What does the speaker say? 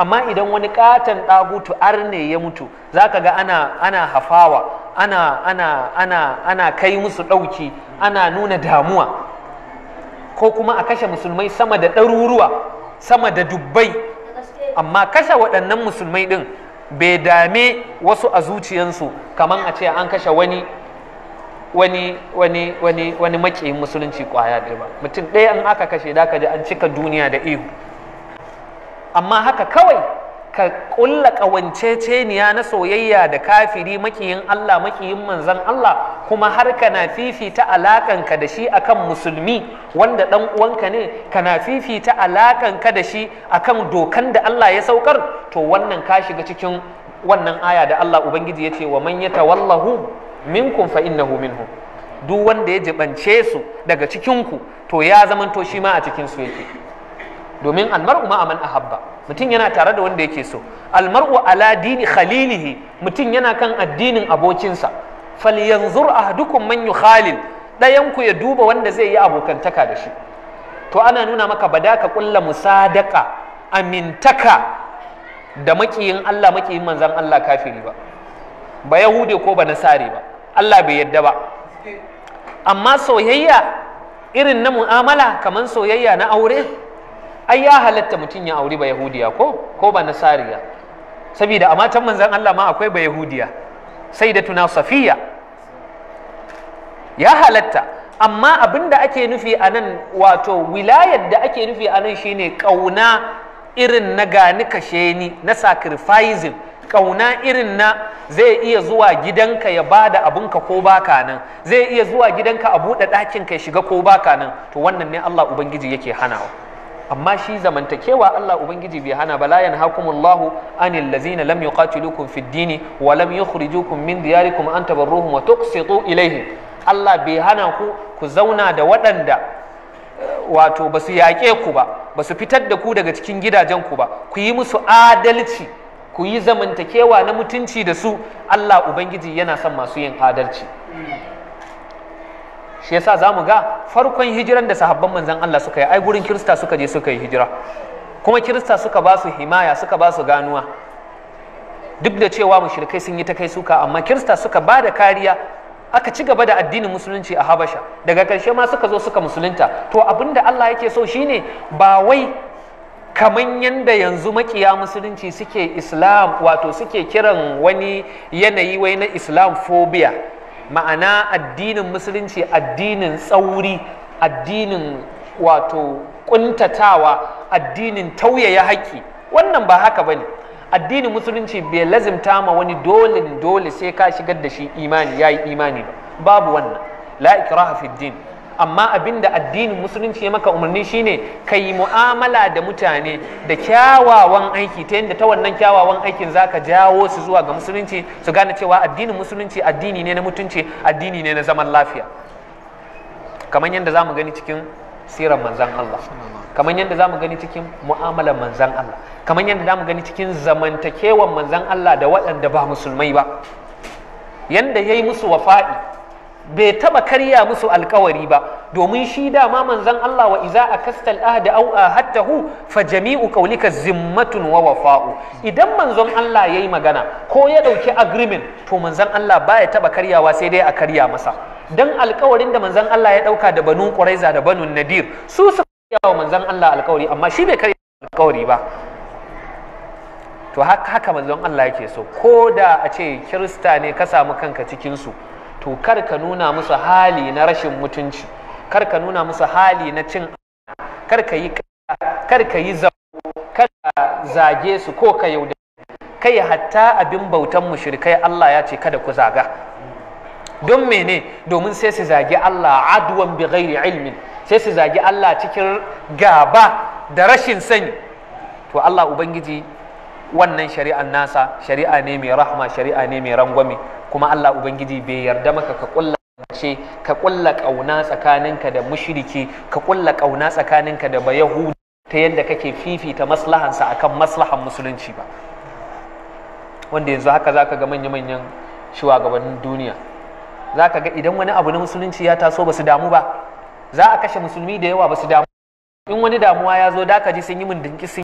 amma idan wani katon ɗagutu ne ya mutu za ka ga ana ana hafawa ana kai musu ɗauki ana nuna damuwa ko kuma a kashe musulmai sama da ɗaruruwa sama da dubbai amma kashe waɗannan musulmai ɗin bai dame wasu a zuciyansu kamar a ce an kashe wani wani wani wani wani makiyin musulunci kwaya ɗaya ba mutum ɗaya an aka kashe da ka ji an cika duniya da ihu amma haka kawai ka ƙulla ƙawanceceniya na soyayya da kafiri makiyin Allah makiyin manzan Allah kuma har kana fifita alakanka da shi akan musulmi wanda ɗan uwanka ne kana fifita alakanka da shi akan dokan da Allah ya saukar to wannan ka shiga cikin wannan aya da Allah Ubangiji ya ce wa man yatawallahu minkum fa innahu minhum duk wanda ya jibance su daga cikin ku to ya zamanto shi ma a cikin su yake domin almar'u ma man ahabba mutum yana tare da wanda yake so almar'u ala dini khalilihi mutum yana kan addinin abokinsa falyanzur ahadukum man yukhalil dayan ku ya duba wanda zai yi abokantaka da shi to ana nuna maka badaka ka kulla musadaka amintaka da makiyin Allah makiyin manzan Allah kafiri ba ba yahude ko ba nasare ba Allah bai yadda ba amma soyayya irin na mu'amala kamar soyayya na aure ai ya halatta mutum ya auri ba yahudiya ko ko ba nasariya saboda a matan manzan Allah ma akwai ba yahudiya sai da tuna safiya ya halatta amma abin da ake nufi a nan wato wilayar da ake nufi a nan shine kauna irin na gani kashe ni na sacrificing kauna irin na zai iya zuwa gidanka ya ba da abinka ko baka nan zai iya zuwa gidanka a buɗe ɗakinka ya shiga ko baka nan to wannan ne Allah Ubangiji yake hanawa amma shi zamantakewa Allah ubangiji bai hana ba la hakumullahu anil ladzina lam yuqatilukum fid dini wa lam yukhrijukum min diyarikum an tabarruhum wa tuqsitu ilaihim Allah bai hana ku ku zauna da waɗanda eh, wato ba su yaƙe ku ba ba su fitar da ku daga cikin gidajen ku ba ku yi musu adalci ku yi zamantakewa na mutunci da su Allah ubangiji yana son masu yin adalci shi yasa zamu ga farkon hijiran da sahabban manzon Allah suka yi ai gurin kirista suka je suka yi hijira kuma kirista suka ba su himaya suka ba su ganuwa duk da cewa mushrikai sun yi ta kai suka amma kirista suka ba da kariya aka ci gaba da addinin musulunci a habasha daga karshe ma suka zo suka musulunta to abinda Allah yake so shine ba wai kaman yanda yanzu makiya musulunci suke islam wato suke kiran wani yanayi wai na islam phobia ma'ana addinin musulunci addinin tsauri addinin wato kuntatawa addinin tauyaya haƙƙi wannan ba haka ba ne. addinin musulunci bai lazimta ma wani dole dole sai ka shigar da shi imani ya yi imani ba babu wannan la ikraha din amma abinda addinin musulunci ya maka umarni shine ka yi mu'amala da mutane da kyawawan aiki ta yadda ta wannan kyawawan aikin za ka jawo su zuwa ga musulunci su gane cewa addinin musulunci addini ne na mutunci addini ne na zaman lafiya kamar yadda za mu gani cikin sirar manzan Allah kamar yadda za mu gani cikin mu'amalar manzan Allah kamar yadda za mu gani cikin zamantakewan manzan Allah da waɗanda ba musulmai ba Yadda ya yi musu wafa'i bai taba karya musu alkawari ba domin shi dama manzon Allah wa iza akastal ahda aw ahadtahu fa jami'u qawlika zimmatun wa wafa'u idan manzon Allah yayi magana ko ya dauki agreement to manzon Allah baya taba karyawa sai dai a karya masa dan alkawarin da manzon Allah ya dauka da banu Quraiza da banu Nadir su su karyawa manzon Allah alkawari amma shi bai karya alkawari ba to haka haka manzon Allah yake so ko da a ce kirista ne ka samu kanka cikin su to kar ka nuna musu hali na rashin mutunci kar ka nuna musu hali na cin kar ka yi kar ka yi kar ka zage su ko ka yauda kai hatta abin bautan mushrikai Allah ya ce kada ku zaga don mene domin sai su zagi Allah aduwan bi ghairi ilmin sai su zagi Allah cikin gaba da rashin sani to Allah ubangiji wannan shari'an nasa shari'a ne mai rahama shari'a ne mai rangwame kuma Allah ubangiji bai yarda maka ka kulla ce ka kulla kauna tsakaninka da mushriki ka kulla kauna tsakaninka da bayahudi ta yadda kake fifita maslahansa akan maslahan musulunci ba wanda yanzu haka zaka ga manya-manyan shugabannin duniya zaka ga idan wani abu na musulunci ya taso ba su damu ba za a kashe musulmi da yawa ba su damu in wani damuwa ya zo da ka ji sun yi mun dinki sun